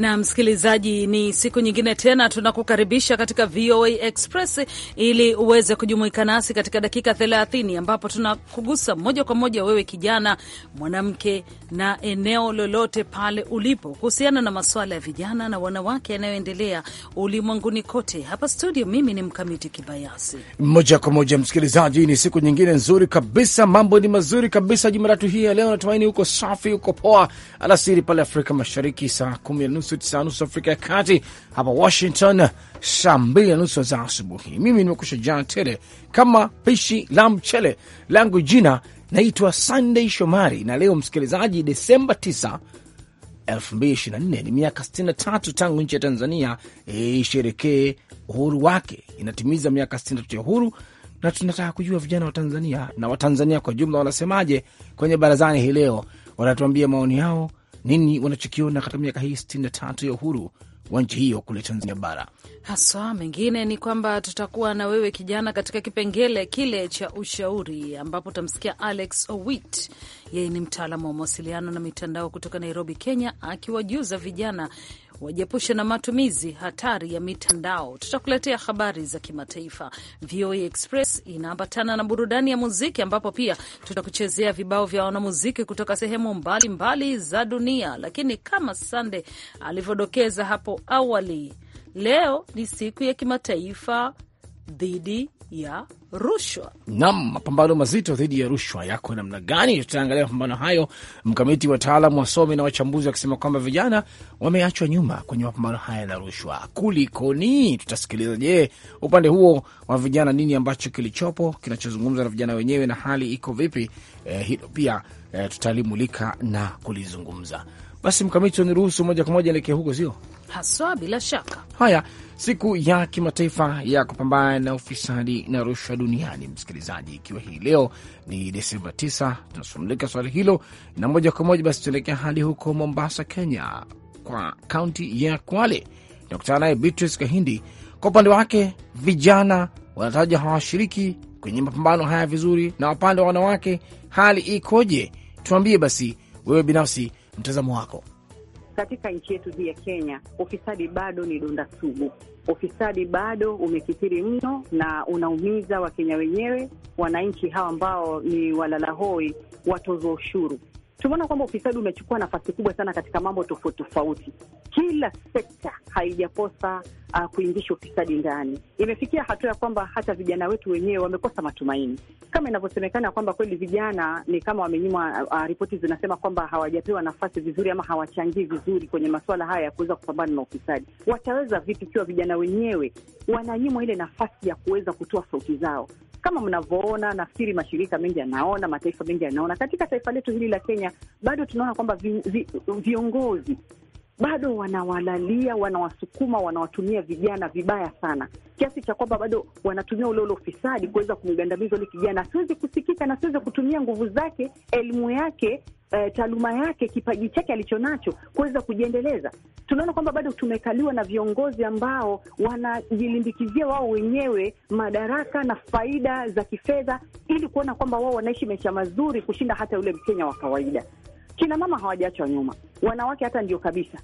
Na msikilizaji, ni siku nyingine tena tunakukaribisha katika VOA Express ili uweze kujumuika nasi katika dakika 30 ambapo tunakugusa moja kwa moja wewe kijana, mwanamke na eneo lolote pale ulipo kuhusiana na masuala ya vijana na wanawake yanayoendelea ulimwenguni kote. Hapa studio, mimi ni Mkamiti Kibayasi. Moja kwa moja, msikilizaji, ni siku nyingine nzuri kabisa, mambo ni mazuri kabisa Jumatatu hii ya leo. Natumaini huko safi, huko poa alasiri pale Afrika Mashariki, saa kumi na nusu nusu, tisa nusu Afrika ya Kati, hapa Washington saa mbili na nusu za asubuhi. Mimi nimekusha jana tele kama pishi la mchele langu. Jina naitwa Sunday Shomari, na leo msikilizaji, Desemba 9 2024 ni miaka 63 tangu nchi ya Tanzania isherekee uhuru wake. Inatimiza miaka 63 ya uhuru, na tunataka kujua vijana wa Tanzania na Watanzania kwa jumla wanasemaje kwenye barazani hii leo, wanatuambia maoni yao nini wanachokiona katika miaka hii sitini na tatu ya uhuru wa nchi hiyo kule Tanzania bara haswa. Mengine ni kwamba tutakuwa na wewe kijana katika kipengele kile cha ushauri, ambapo utamsikia Alex Owit, yeye ni mtaalamu wa mawasiliano na mitandao kutoka Nairobi, Kenya, akiwajuza vijana wajiepushe na matumizi hatari ya mitandao. Tutakuletea habari za kimataifa. VOA Express inaambatana na burudani ya muziki, ambapo pia tutakuchezea vibao vya wanamuziki kutoka sehemu mbalimbali mbali za dunia. Lakini kama Sande alivyodokeza hapo awali, leo ni siku ya kimataifa dhidi ya rushwa. Naam, mapambano mazito dhidi ya rushwa yako namna gani? Tutaangalia mapambano hayo, mkamiti, wataalam, wasomi na wachambuzi wakisema kwamba vijana wameachwa nyuma kwenye mapambano haya na rushwa. Kulikoni? Tutasikiliza, je, upande huo wa vijana nini ambacho kilichopo kinachozungumzwa na vijana wenyewe na hali iko vipi? Eh, hilo pia eh, tutalimulika na kulizungumza. Basi mkamiti, uniruhusu moja kwa moja elekee huko, sio haswa. Bila shaka haya siku ya kimataifa ya kupambana na ufisadi na rushwa duniani, msikilizaji, ikiwa hii leo ni Desemba 9, tunasumulika swali hilo na moja kwa moja basi tuelekea hadi huko Mombasa, Kenya, kwa kaunti ya Kwale. Tunakutana naye Beatrice Kahindi. Kwa upande wake vijana wanataja hawashiriki kwenye mapambano haya vizuri, na upande wa wanawake hali ikoje? Tuambie basi wewe binafsi mtazamo wako katika nchi yetu hii ya Kenya, ufisadi bado ni donda sugu. Ufisadi bado umekithiri mno na unaumiza Wakenya wenyewe, wananchi hawa ambao ni walalahoi, watozwa ushuru tumeona kwamba ufisadi umechukua nafasi kubwa sana katika mambo tofauti tofauti. Kila sekta haijakosa uh, kuingisha ufisadi ndani. Imefikia hatua ya kwamba hata vijana wetu wenyewe wamekosa matumaini, kama inavyosemekana kwamba kweli vijana ni kama wamenyimwa uh, ripoti zinasema kwamba hawajapewa nafasi vizuri ama hawachangii vizuri kwenye masuala haya ya kuweza kupambana na ufisadi. Wataweza vipi ikiwa vijana wenyewe wananyimwa ile nafasi ya kuweza kutoa sauti zao? Kama mnavyoona, nafikiri mashirika mengi yanaona, mataifa mengi yanaona, katika taifa letu hili la Kenya bado tunaona kwamba viongozi bado wanawalalia, wanawasukuma, wanawatumia vijana vibaya sana, kiasi cha kwamba bado wanatumia ule ule ufisadi kuweza kumgandamiza ule kijana asiweze kusikika na asiweze kutumia nguvu zake, elimu yake E, taaluma yake, kipaji chake alichonacho kuweza kujiendeleza. Tunaona kwamba bado tumekaliwa na viongozi ambao wanajilimbikizia wao wenyewe madaraka na faida za kifedha ili kuona kwamba wao wanaishi maisha mazuri kushinda hata yule Mkenya wa kawaida. Kina mama hawajaachwa nyuma, wanawake hata ndio kabisa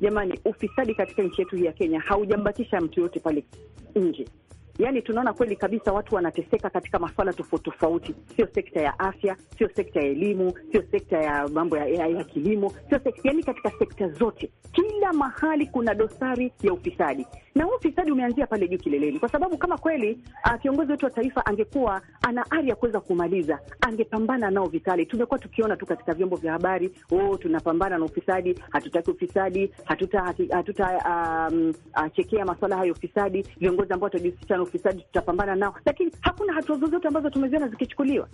Jamani, ufisadi katika nchi yetu hii ya Kenya haujambatisha mtu yoyote pale nje. Yaani tunaona kweli kabisa watu wanateseka katika maswala tofauti tofauti, sio sekta ya afya, sio sekta ya elimu, sio sekta ya mambo ya, ya, ya kilimo, sio sekta, yaani katika sekta zote, kila mahali kuna dosari ya ufisadi na huu ufisadi umeanzia pale juu kileleni, kwa sababu kama kweli uh, kiongozi wetu wa taifa angekuwa ana ari ya kuweza kumaliza, angepambana nao vikali. Tumekuwa tukiona tu katika vyombo vya habari, oh, tunapambana na ufisadi, hatutaki ufisadi, hatuta hatuta um, uh, chekea hayo ufisadi, viongozi ambao watajihusisha na ufisadi tutapambana nao, lakini hakuna hatua zozote ambazo tumeziona zikichukuliwa.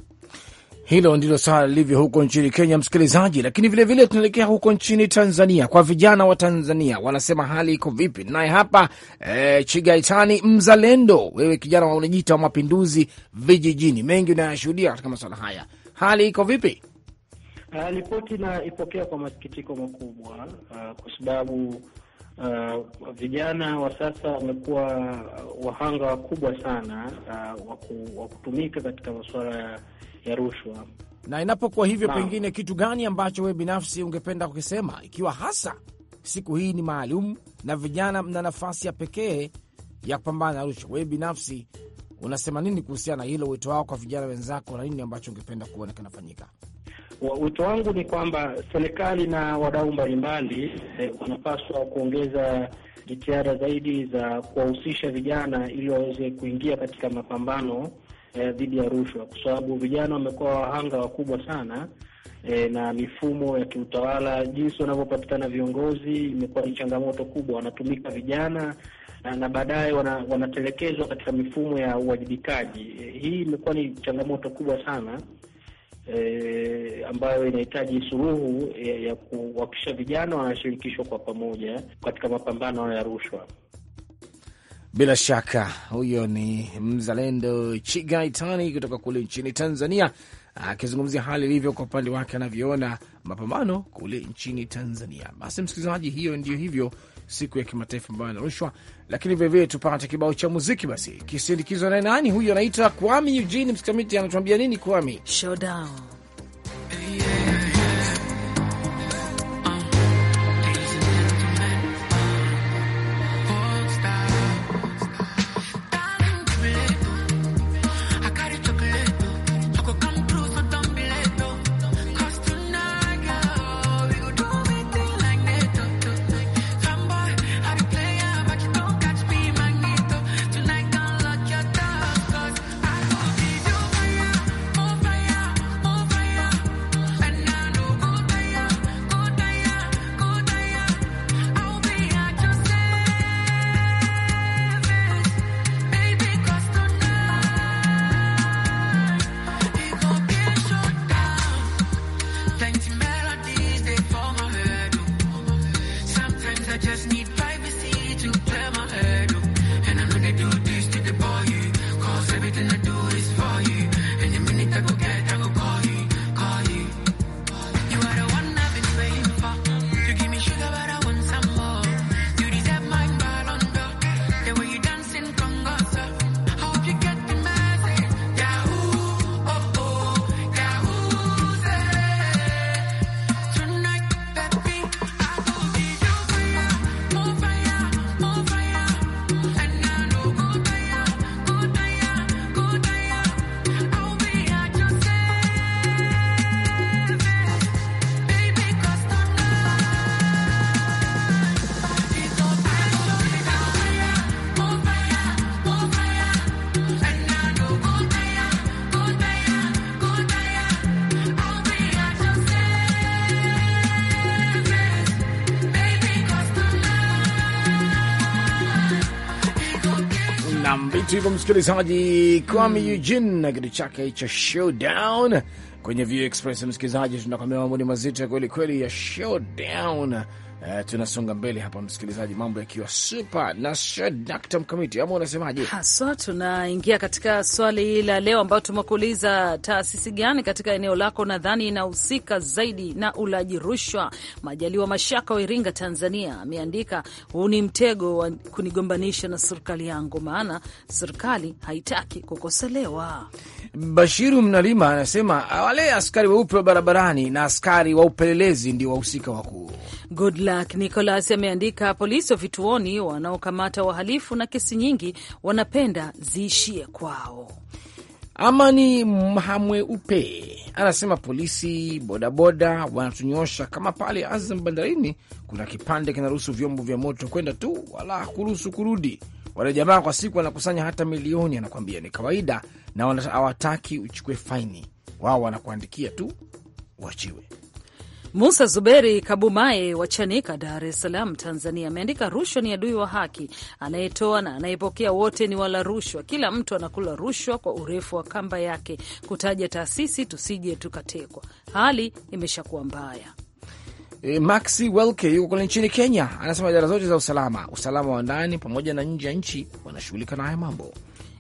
Hilo ndilo swala lilivyo huko nchini Kenya, msikilizaji. Lakini vilevile tunaelekea huko nchini Tanzania kwa vijana wa Tanzania, wanasema hali iko vipi? Naye hapa e, Chigaitani Mzalendo, wewe kijana unajiita wa mapinduzi vijijini, mengi unayashuhudia katika masuala haya, hali iko vipi? Uh, ripoti naipokea kwa masikitiko makubwa uh, kwa sababu uh, vijana wa sasa wamekuwa wahanga wakubwa sana uh, wa kutumika katika masuala ya ya rushwa. Na inapokuwa hivyo, pengine kitu gani ambacho wewe binafsi ungependa kukisema, ikiwa hasa siku hii ni maalum na vijana mna nafasi ya pekee ya kupambana na rushwa? Wewe binafsi unasema nini kuhusiana na hilo, wito wao kwa vijana wenzako, na nini ambacho ungependa kuona kinafanyika? Wito wangu ni kwamba serikali na wadau mbalimbali eh, wanapaswa kuongeza jitihada zaidi za kuwahusisha vijana ili waweze kuingia katika mapambano Eh, dhidi ya rushwa, kwa sababu vijana wamekuwa wahanga wakubwa sana E, na mifumo ya kiutawala jinsi wanavyopatikana viongozi imekuwa ni changamoto kubwa. Wanatumika vijana na, na baadaye wana, wanatelekezwa katika mifumo ya uwajibikaji. E, hii imekuwa ni changamoto kubwa sana e, ambayo inahitaji suluhu e, ya kuhakikisha vijana wanashirikishwa kwa pamoja katika mapambano ya rushwa. Bila shaka huyo ni mzalendo Chigaitani kutoka kule nchini Tanzania akizungumzia hali ilivyo kwa upande wake anavyoona mapambano kule nchini Tanzania. Basi msikilizaji, hiyo ndio hivyo siku ya kimataifa ambayo anarushwa, lakini vilevile tupate kibao cha muziki basi kisindikizwa naye nani huyu, anaitwa Kwami Eugene. Msikamiti anatuambia nini Kwami Showdown. acabará msikilizaji Kwame mm. Eugene na kitu chake cha showdown kwenye View Express. Msikilizaji, tunakwambia mambo ni mazito ya kweli kweli ya showdown Uh, tunasonga mbele hapa msikilizaji, mambo yakiwa super na shadakta Mkamiti, ama unasemaje? Haswa tunaingia katika swali la leo ambayo tumekuuliza, taasisi gani katika eneo lako nadhani inahusika zaidi na ulaji rushwa? Majaliwa Mashaka wa Iringa, Tanzania ameandika, huu ni mtego wa kunigombanisha na serikali yangu, maana serikali haitaki kukosolewa. Bashiru Mnalima anasema wale askari weupe wa barabarani na askari wa upelelezi ndio wahusika wakuu. Black Nicholas ameandika polisi wa vituoni wanaokamata wahalifu na kesi nyingi wanapenda ziishie kwao. Amani Mhamweupe anasema polisi bodaboda wanatunyosha kama pale Azam bandarini, kuna kipande kinaruhusu vyombo vya moto kwenda tu, wala kuruhusu kurudi. Wale jamaa kwa siku wanakusanya hata milioni, anakuambia ni kawaida, na hawataki uchukue faini, wao wanakuandikia tu uachiwe. Musa Zuberi kabumae wa Chanika, Dar es Salaam, Tanzania, ameandika rushwa ni adui wa haki, anayetoa na anayepokea wote ni wala rushwa. Kila mtu anakula rushwa kwa urefu wa kamba yake. Kutaja taasisi, tusije tukatekwa. Hali imeshakuwa mbaya. E, Maxi Welke yuko kule nchini Kenya, anasema idara zote za usalama, usalama wa ndani pamoja na nje ya nchi, wanashughulika na haya mambo.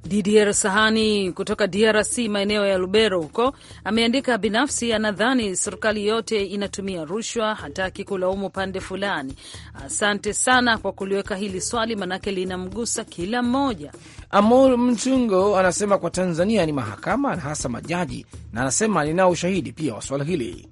Didier Sahani kutoka DRC maeneo ya Lubero huko ameandika binafsi, anadhani serikali yote inatumia rushwa, hataki kulaumu pande fulani. Asante sana kwa kuliweka hili swali, manake linamgusa kila mmoja. Amur Mtungo anasema kwa Tanzania ni mahakama na hasa majaji, na anasema ninao ushahidi pia wa swala hili.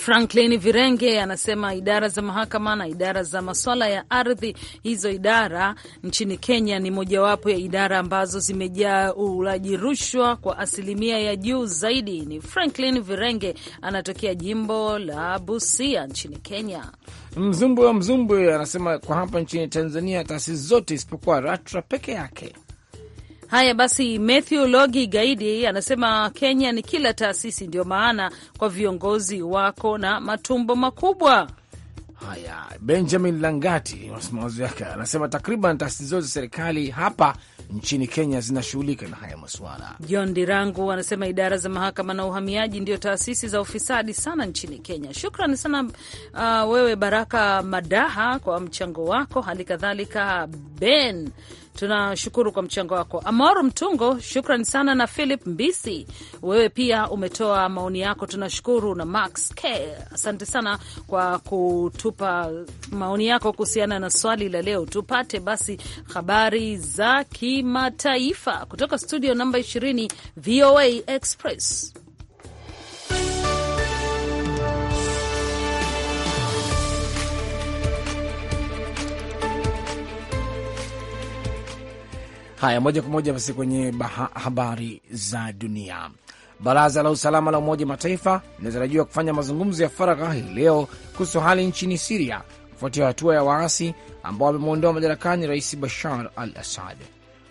Franklin Virenge anasema idara za mahakama na idara za maswala ya ardhi, hizo idara nchini Kenya ni mojawapo ya idara ambazo zimejaa ulaji rushwa kwa asilimia ya juu zaidi. Ni Franklin Virenge, anatokea jimbo la Busia nchini Kenya. Mzumbwe wa Mzumbwe anasema kwa hapa nchini Tanzania taasisi zote isipokuwa RATRA peke yake Haya basi, Matthew Logi Gaidi anasema Kenya ni kila taasisi, ndio maana kwa viongozi wako na matumbo makubwa. Haya, Benjamin Langati wasimamazi wake anasema takriban taasisi zote za serikali hapa nchini Kenya zinashughulika na haya masuala. John Dirangu anasema idara za mahakama na uhamiaji ndio taasisi za ufisadi sana nchini Kenya. Shukrani sana uh, wewe Baraka Madaha kwa mchango wako, hali kadhalika Ben Tunashukuru kwa mchango wako Amoro Mtungo, shukran sana na Philip Mbisi, wewe pia umetoa maoni yako, tunashukuru na Max K, asante sana kwa kutupa maoni yako kuhusiana na swali la leo. Tupate basi habari za kimataifa kutoka studio namba 20 VOA Express. Haya, moja kwa moja basi kwenye habari za dunia. Baraza la usalama la Umoja Mataifa linatarajiwa kufanya mazungumzo ya faragha hii leo kuhusu hali nchini Siria kufuatia hatua ya waasi ambao wamemwondoa madarakani Rais Bashar al Assad.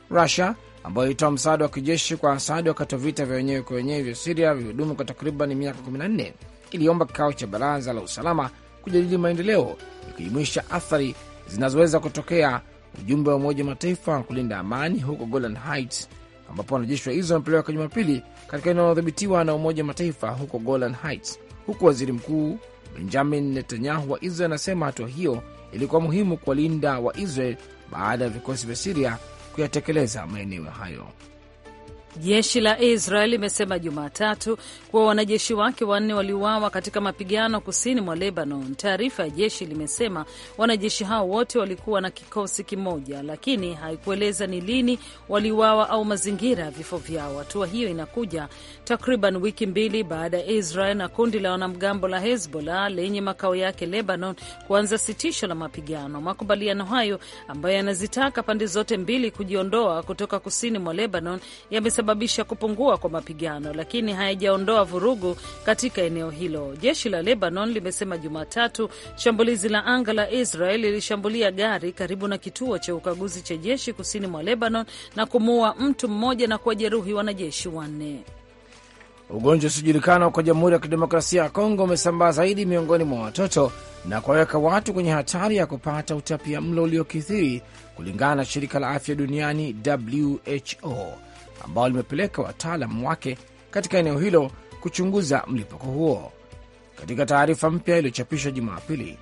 Rusia ambayo ilitoa msaada wa kijeshi kwa Asad wakati wa vita vya wenyewe kwa wenyewe vya Siria vilihudumu kwa takriban miaka 14 iliomba kikao cha baraza la usalama kujadili maendeleo, ikijumuisha athari zinazoweza kutokea ujumbe wa Umoja wa Mataifa kulinda amani huko Golan Heights, ambapo wanajeshi wa Israel wamepelekwa Jumapili katika eneo linalodhibitiwa na Umoja Mataifa huko Golan Heights, huku waziri mkuu Benjamin Netanyahu wa Israel anasema hatua hiyo ilikuwa muhimu kuwalinda wa Israel baada ya vikosi vya Siria kuyatekeleza maeneo hayo. Jeshi la Israel limesema Jumatatu kuwa wanajeshi wake wanne waliuawa katika mapigano kusini mwa Lebanon. Taarifa ya jeshi limesema wanajeshi hao wote walikuwa na kikosi kimoja, lakini haikueleza ni lini waliuawa au mazingira ya vifo vyao. Hatua hiyo inakuja takriban wiki mbili baada ya Israel na kundi la wanamgambo la Hezbollah lenye makao yake Lebanon kuanza sitisho la mapigano. Makubaliano hayo ambayo yanazitaka pande zote mbili kujiondoa kutoka kusini mwa Lebanon yamesababisha kusababisha kupungua kwa mapigano, lakini hayajaondoa vurugu katika eneo hilo. Jeshi la Lebanon limesema Jumatatu shambulizi la anga la Israel lilishambulia gari karibu na kituo cha ukaguzi cha jeshi kusini mwa Lebanon na kumuua mtu mmoja na kuwajeruhi wanajeshi wanne. Ugonjwa usiojulikana kwa Jamhuri ya Kidemokrasia ya Kongo umesambaa zaidi miongoni mwa watoto na kuwaweka watu kwenye hatari ya kupata utapia mlo uliokithiri kulingana na shirika la afya duniani WHO ambao limepeleka wataalam wake katika eneo hilo kuchunguza mlipuko huo. Katika taarifa mpya iliyochapishwa Jumapili,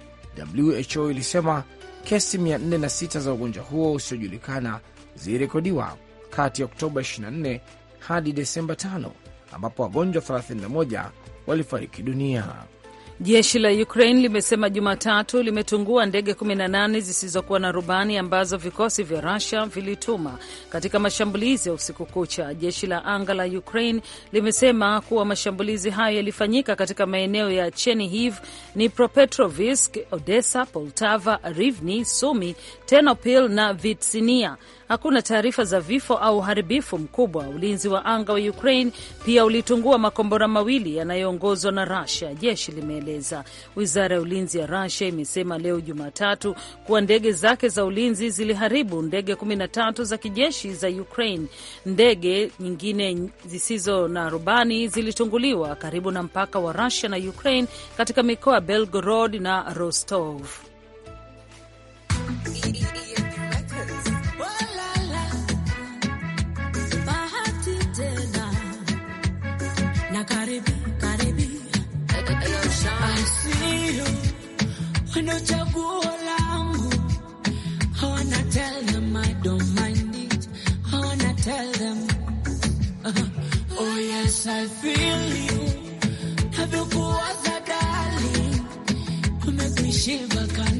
WHO ilisema kesi 406 za ugonjwa huo usiojulikana zilirekodiwa kati ya Oktoba 24 hadi Desemba 5, ambapo wagonjwa 31 walifariki dunia. Jeshi la Ukraine limesema Jumatatu limetungua ndege 18 zisizokuwa na rubani ambazo vikosi vya Rusia vilituma katika mashambulizi ya usiku kucha. Jeshi la anga la Ukraine limesema kuwa mashambulizi hayo yalifanyika katika maeneo ya Chernihiv, Dnipropetrovsk, Odessa, Poltava, rivni Sumi, tenopil na Vitsinia. Hakuna taarifa za vifo au uharibifu mkubwa. Ulinzi wa anga wa Ukraine pia ulitungua makombora mawili yanayoongozwa na Rusia, jeshi limeeleza. Uingereza. Wizara ya ulinzi ya Rusia imesema leo Jumatatu kuwa ndege zake za ulinzi ziliharibu ndege 13 za kijeshi za Ukraine. Ndege nyingine zisizo na rubani zilitunguliwa karibu na mpaka wa Rusia na Ukraine katika mikoa ya Belgorod na Rostov. nilo wana chaguo langu hawana tell them I don't mind it tell them uh-huh. oh yes I feel you darling umekuishiba kana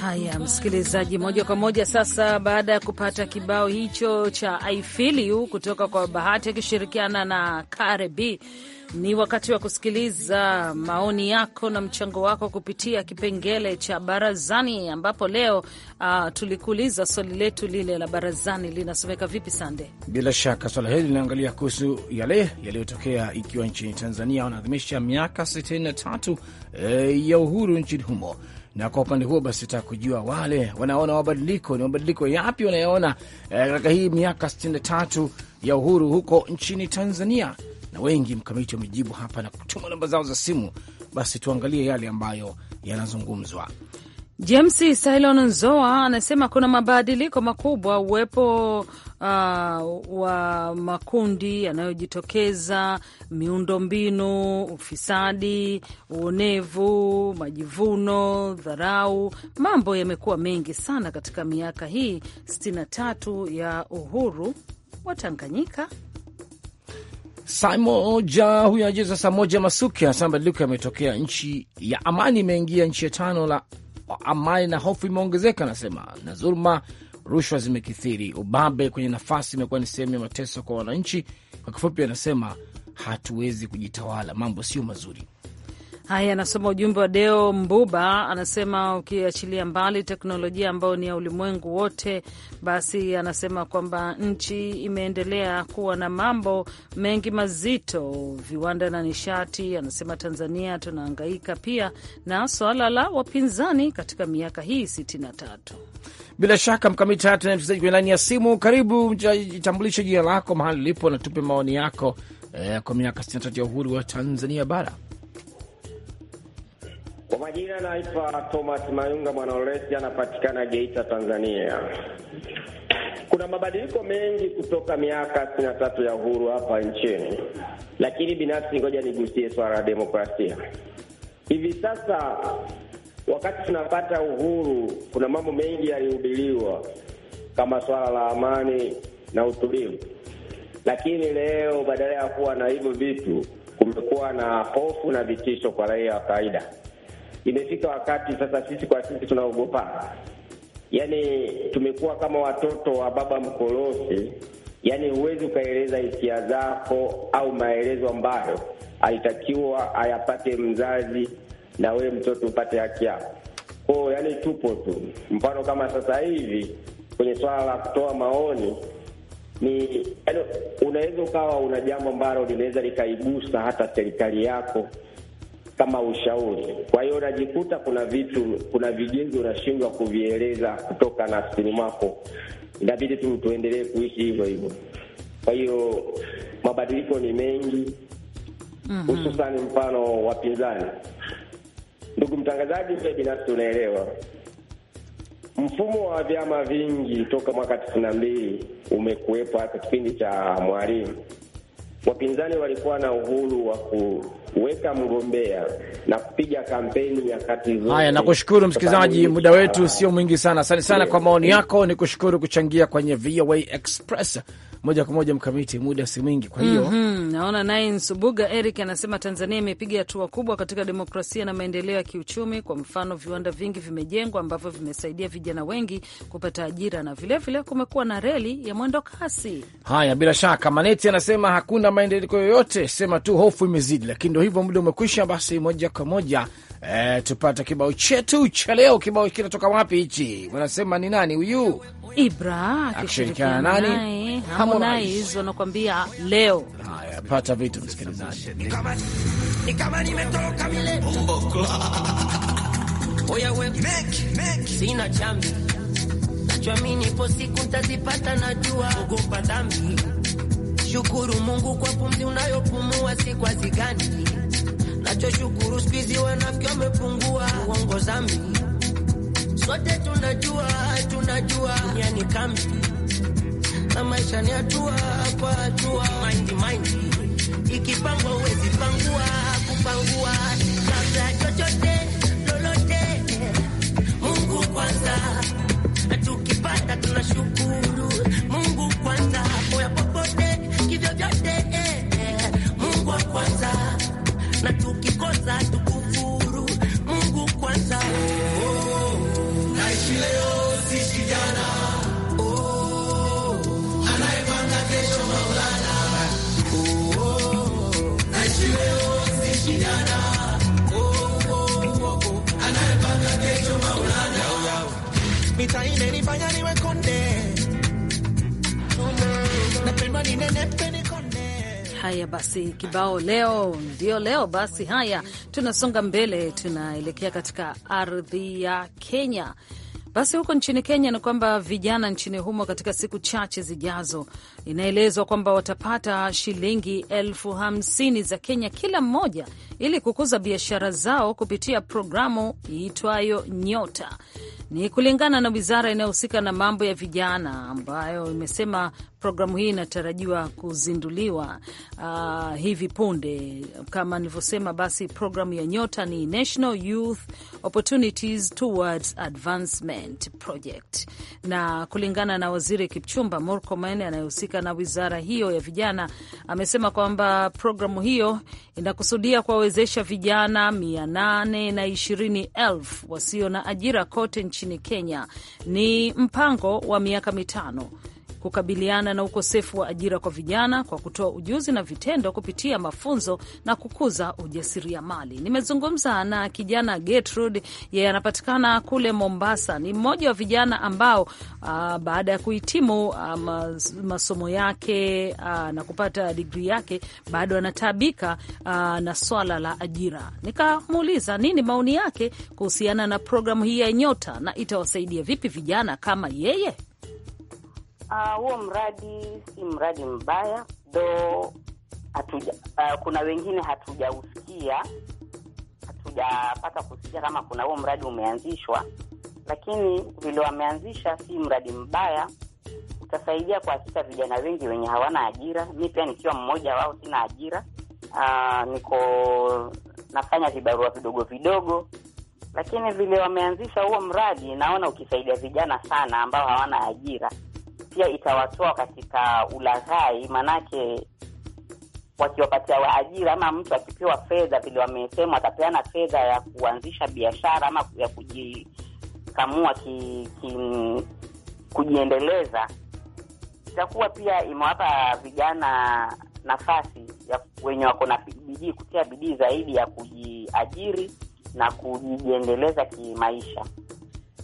Haya, msikilizaji, moja kwa moja sasa, baada ya kupata kibao hicho cha I Feel You kutoka kwa Bahati akishirikiana na Karebi ni wakati wa kusikiliza maoni yako na mchango wako kupitia kipengele cha barazani, ambapo leo uh, tulikuuliza swali letu lile la barazani linasomeka vipi, Sande? Bila shaka swala hili linaangalia kuhusu yale yaliyotokea ikiwa nchini Tanzania wanaadhimisha miaka 63 e, eh, ya uhuru nchini humo na kwa upande huo basi taka kujua wale wanaona mabadiliko ni mabadiliko yapi wanayoona eh, katika e, hii miaka 63 ya uhuru huko nchini Tanzania na wengi mkamiti wamejibu hapa na kutuma namba zao za simu. Basi tuangalie yale ambayo yanazungumzwa. James Silon zoa anasema kuna mabadiliko makubwa, uwepo uh, wa makundi yanayojitokeza, miundombinu, ufisadi, uonevu, majivuno, dharau. Mambo yamekuwa mengi sana katika miaka hii 63 ya uhuru wa Tanganyika samoja moja huyo anacheza saa moja Masuki anasema badiliko yametokea, nchi ya amani imeingia nchi ya tano la amani na hofu imeongezeka, anasema na dhuluma, rushwa zimekithiri, ubabe kwenye nafasi imekuwa ni sehemu ya mateso kwa wananchi. Kwa kifupi, anasema hatuwezi kujitawala, mambo sio mazuri. Haya, anasoma ujumbe wa Deo Mbuba, anasema ukiachilia mbali teknolojia ambayo ni ya ulimwengu wote, basi anasema kwamba nchi imeendelea kuwa na mambo mengi mazito, viwanda na nishati. Anasema Tanzania tunahangaika pia na swala la wapinzani katika miaka hii sitini na tatu. Bila shaka mkamiti hatu na mchezaji kwenye laini ya simu, karibu, jitambulishe jina lako, mahali ulipo, natupe maoni yako eh, kwa miaka sitini na tatu ya uhuru wa Tanzania bara. Kwa majina naitwa Thomas Mayunga Mwanaolesi, anapatikana Geita, Tanzania. Kuna mabadiliko mengi kutoka miaka sitini na tatu ya uhuru hapa nchini, lakini binafsi, ngoja nigusie swala la demokrasia. Hivi sasa wakati tunapata uhuru, kuna mambo mengi yalihubiliwa kama swala la amani na utulivu, lakini leo badala ya kuwa na hivyo vitu, kumekuwa na hofu na vitisho kwa raia wa kawaida imefika wakati sasa sisi kwa sisi tunaogopa, yani tumekuwa kama watoto wa baba mkorosi. yani huwezi ukaeleza hisia zako au maelezo ambayo alitakiwa ayapate mzazi na wewe mtoto upate haki yako. Kwa yani tupo tu, mfano kama sasa hivi kwenye swala la kutoa maoni ni yani, unaweza ukawa una jambo ambalo linaweza likaigusa hata serikali yako kama ushauri. Kwa hiyo unajikuta kuna vitu, kuna vigezo unashindwa kuvieleza kutoka na asili mwako, inabidi tu tuendelee kuishi hivyo hivyo. Kwa hiyo mabadiliko ni mengi, mhm. hususan mm -hmm. mfano wapinzani. Ndugu mtangazaji, pia binafsi unaelewa mfumo wa vyama vingi toka mwaka tisini na mbili umekuwepo. Hata kipindi cha Mwalimu wapinzani walikuwa na uhuru wa ku kuweka mgombea na kupiga kampeni nyakati zote. Haya, nakushukuru msikilizaji, muda wetu sio mwingi sana. Asante sana yeah, kwa maoni yako, ni kushukuru kuchangia kwenye VOA Express moja kwa moja mkamiti, muda si mwingi, kwa hiyo mm -hmm. Naona naye Nsubuga Eric anasema Tanzania imepiga hatua kubwa katika demokrasia na maendeleo ya kiuchumi. Kwa mfano, viwanda vingi vimejengwa ambavyo vimesaidia vijana wengi kupata ajira na vilevile kumekuwa na reli ya mwendo kasi. Haya, bila shaka Maneti anasema hakuna maendeleo yoyote, sema tu hofu imezidi, lakini hivyo muda umekwisha, basi moja kwa moja e, tupate kibao chetu cha leo. Kibao kinatoka wapi hichi? Wanasema ni nani huyu Ibra akishirikiana nani? Harmonize wanakuambia leo. Haya, pata vitu msikilizaji. Sina chambi, siku ntazipata, najua ogopa dhambi Shukuru Mungu kwa pumzi unayopumua, si kwa zigani. Nachoshukuru siku hizi wanafiki wamepungua, uongo zambi. Sote tunajua, tunajua ni kambi na maisha ni hatua kwa hatua, maindi maindi ikipangwa uwezi pangua kupangua, kabla chochote lolote, Mungu kwanza, tukipata tunashukuru tulikosa tukufuru. Mungu kwanza. naishi leo siishi jana. Oh, niwe konde. Napenda ninenepe niko Haya basi, kibao leo ndio leo. Basi haya, tunasonga mbele, tunaelekea katika ardhi ya Kenya. Basi huko nchini Kenya ni kwamba vijana nchini humo katika siku chache zijazo, inaelezwa kwamba watapata shilingi elfu hamsini za Kenya kila mmoja, ili kukuza biashara zao kupitia programu iitwayo Nyota. Ni kulingana na wizara inayohusika na mambo ya vijana, ambayo imesema Programu hii inatarajiwa kuzinduliwa uh, hivi punde kama nilivyosema. Basi programu ya nyota ni National Youth Opportunities Towards Advancement Project, na kulingana na Waziri Kipchumba Murkomen anayehusika na wizara hiyo ya vijana, amesema kwamba programu hiyo inakusudia kuwawezesha vijana mia nane na ishirini elfu wasio na ajira kote nchini Kenya. Ni mpango wa miaka mitano kukabiliana na ukosefu wa ajira kwa vijana kwa kutoa ujuzi na vitendo kupitia mafunzo na kukuza ujasiriamali. Nimezungumza na kijana Gertrude, yeye anapatikana kule Mombasa. Ni mmoja wa vijana ambao uh, baada ya kuhitimu uh, masomo yake uh, na kupata digri yake bado anataabika uh, na swala la ajira. Nikamuuliza nini maoni yake kuhusiana na programu hii ya Nyota na itawasaidia vipi vijana kama yeye. Ah, huo mradi si mradi mbaya do hatuja, uh, kuna wengine hatujausikia, hatujapata kusikia kama kuna huo mradi umeanzishwa, lakini vile wameanzisha si mradi mbaya, utasaidia kuhakika vijana wengi wenye hawana ajira. Mi pia nikiwa mmoja wao, sina ajira uh, niko nafanya vibarua vidogo vidogo lakini vile wameanzisha huo mradi, naona ukisaidia vijana sana ambao hawana ajira, pia itawatoa katika ulaghai, manake wakiwapatia wa ajira ama mtu akipewa fedha vile wamesema watapeana fedha ya kuanzisha biashara ama ya kujikamua ki, ki, kujiendeleza, itakuwa pia imewapa vijana nafasi ya wenye wako na bidii kutia bidii zaidi ya kujiajiri na kujiendeleza kimaisha.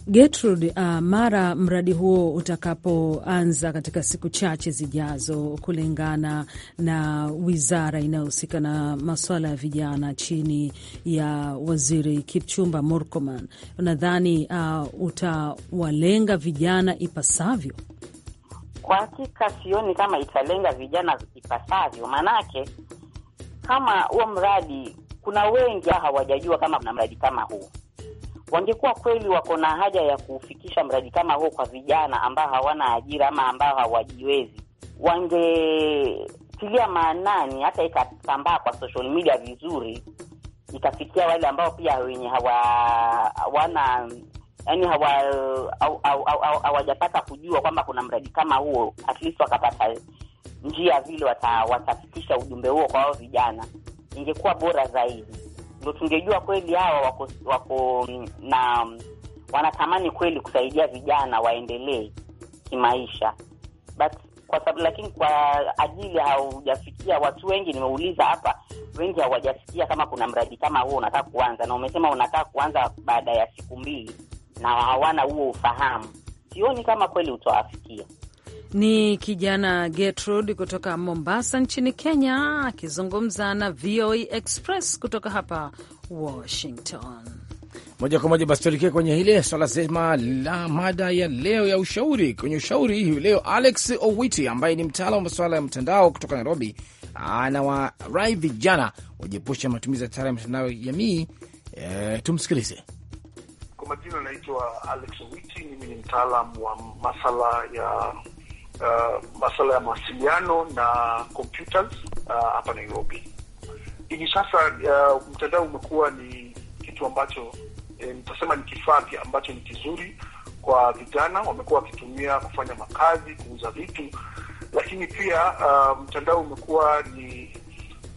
Gertrude, uh, mara mradi huo utakapoanza katika siku chache zijazo, kulingana na wizara inayohusika na masuala ya vijana chini ya waziri Kipchumba Murkomen, unadhani uh, utawalenga vijana ipasavyo? Kwa hakika sioni kama italenga vijana ipasavyo, maanake kama huo mradi, kuna wengi hawajajua kama kuna mradi kama huu wangekuwa kweli wako na haja ya kufikisha mradi kama huo kwa vijana ambao hawana ajira ama ambao hawajiwezi, wangetilia maanani, hata ikasambaa kwa social media vizuri, ikafikia wale ambao pia wenye hawa hawana yani hawajapata kujua kwamba kuna mradi kama huo, at least wakapata njia vile watafikisha ujumbe huo kwa wao vijana, ingekuwa bora zaidi ndo tungejua kweli hawa wako, wako mm, na mm, wanatamani kweli kusaidia vijana waendelee kimaisha but kwa sababu lakini kwa ajili haujafikia watu wengi. Nimeuliza hapa, wengi hawajafikia kama kuna mradi kama huo unataka kuanza, na umesema unataka kuanza baada ya siku mbili, na hawana huo ufahamu. Sioni kama kweli utawafikia. Ni kijana Gertrude kutoka Mombasa nchini Kenya akizungumza na VOA e Express kutoka hapa Washington moja kwa moja. Basi tuelekee kwenye hile swala zima la mada ya leo ya ushauri. Kwenye ushauri hiyo leo, Alex Owiti ambaye ni mtaalam wa masuala ya mtandao kutoka Nairobi anawarai vijana wajiepusha matumizi ya tara ya mitandao ya jamii. E, tumsikilize. Kwa majina anaitwa Alex Owiti, mimi ni mtaalam wa masala ya uh, masuala ya mawasiliano na computers uh, hapa Nairobi. Hivi sasa uh, mtandao umekuwa ni kitu ambacho eh, nitasema ni kifaa ambacho ni kizuri kwa vijana, wamekuwa wakitumia kufanya makazi, kuuza vitu, lakini pia uh, mtandao umekuwa ni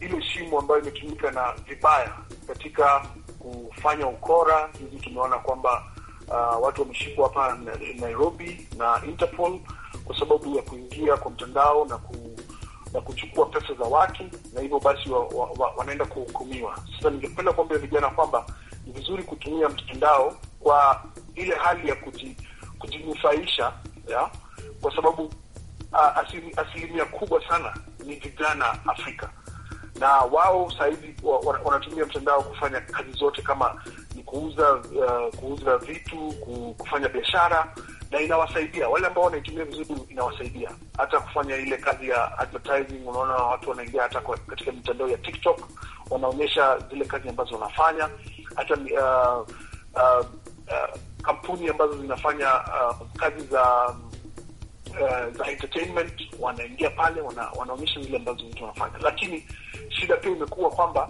ile shimo ambayo imetumika na vibaya katika kufanya ukora. Hivi tumeona kwamba uh, watu wameshikwa hapa Nairobi na Interpol kwa sababu ya kuingia kwa mtandao na ku, na kuchukua pesa za watu, na hivyo basi wa, wa, wa, wanaenda kuhukumiwa. Sasa ningependa kuambia vijana kwamba ni vizuri kutumia mtandao kwa ile hali ya kuji, kujinufaisha ya? kwa sababu asilimia asili kubwa sana ni vijana Afrika na wao sahizi wanatumia mtandao kufanya kazi zote, kama ni kuuza uh, kuuza vitu, kufanya biashara na inawasaidia wale ambao wanaitumia vizuri, inawasaidia hata kufanya ile kazi ya advertising. Unaona watu wanaingia hata katika mitandao ya TikTok, wanaonyesha zile kazi ambazo wanafanya hata uh, uh, uh, kampuni ambazo zinafanya uh, kazi za Uh, za entertainment wanaingia pale, wana- wanaonyesha zile ambazo mtu anafanya, lakini shida pia imekuwa kwamba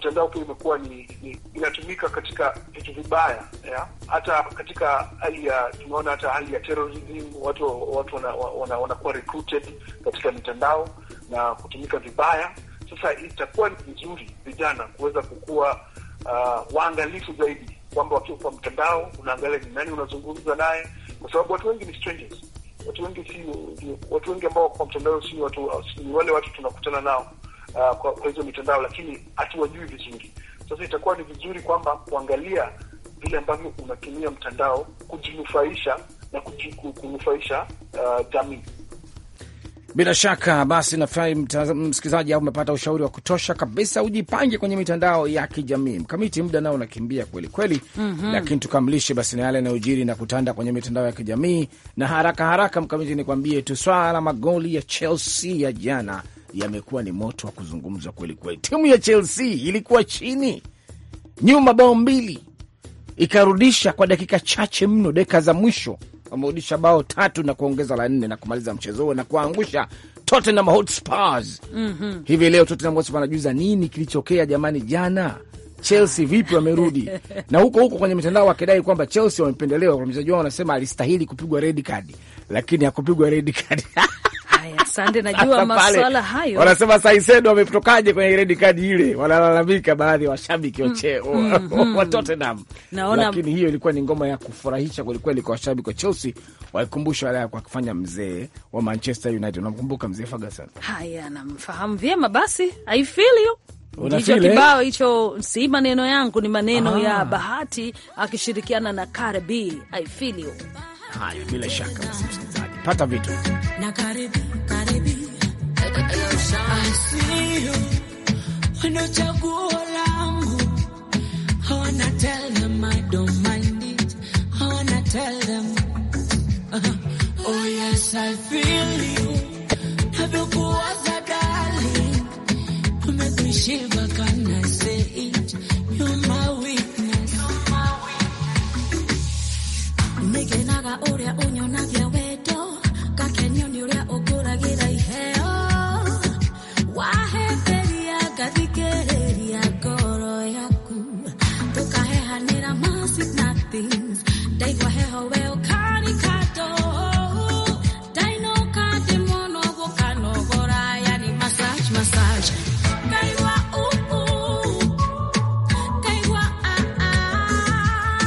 mtandao pia imekuwa ni, ni inatumika katika vitu vibaya hata katika hali ya tumeona hata hali ya terrorism, watu watu wanakuwa wana, wana, recruited katika mitandao na kutumika vibaya. Sasa itakuwa ni vizuri vijana kuweza kukuwa uh, waangalifu zaidi kwamba wakiwa kwa mtandao unaangalia ni nani unazungumza naye, kwa sababu watu wengi ni strangers. Watu wengi si watu wengi ambao kwa mtandao si watu, si wale watu tunakutana nao uh, kwa, kwa hizo mitandao, lakini hatuwajui vizuri. Sasa itakuwa ni vizuri kwamba kuangalia vile ambavyo unatumia mtandao kujinufaisha na kunufaisha uh, jamii. Bila shaka basi, nafurahi msikilizaji, au umepata ushauri wa kutosha kabisa. Ujipange kwenye mitandao ya kijamii mkamiti, muda nao unakimbia kweli kweli. mm -hmm. Lakini tukamilishe basi na yale yanayojiri na kutanda kwenye mitandao ya kijamii na haraka haraka, mkamiti, nikuambie tu swala la magoli ya Chelsea ya jana yamekuwa ni moto wa kuzungumzwa kweli kweli. Timu ya Chelsea ilikuwa chini nyuma bao mbili, ikarudisha kwa dakika chache mno, dakika za mwisho wamerudisha bao tatu na kuongeza la nne na kumaliza mchezo huo na kuangusha Tottenham Hotspurs. mm -hmm. Hivi leo Tottenham Hotspurs anajuza nini kilichokea jamani, jana Chelsea vipi wamerudi na huko huko kwenye mitandao wakidai kwamba Chelsea wamependelewa. Kuna mchezaji wao wanasema alistahili kupigwa red card, lakini hakupigwa red card Asante, najua maswala hayo. Wanasema Saisedo ametokaje kwenye redi kadi ile, wanalalamika baadhi ya washabiki wa mm, mm, mm. Tottenham. Lakini hiyo ilikuwa ni ngoma ya kufurahisha kwelikweli kwa washabiki wa Chelsea, waikumbusha wale kwa kufanya mzee wa Manchester United. Unamkumbuka mzee Ferguson? Haya, namfahamu vyema. Basi I feel you ndicho eh? kibao hicho si maneno yangu, ni maneno ah, ya Bahati akishirikiana na karibi I feel you. Haya, bila shaka msikilizaji, pata vitu na I uh-huh. oh yes I feel you Making I got older, on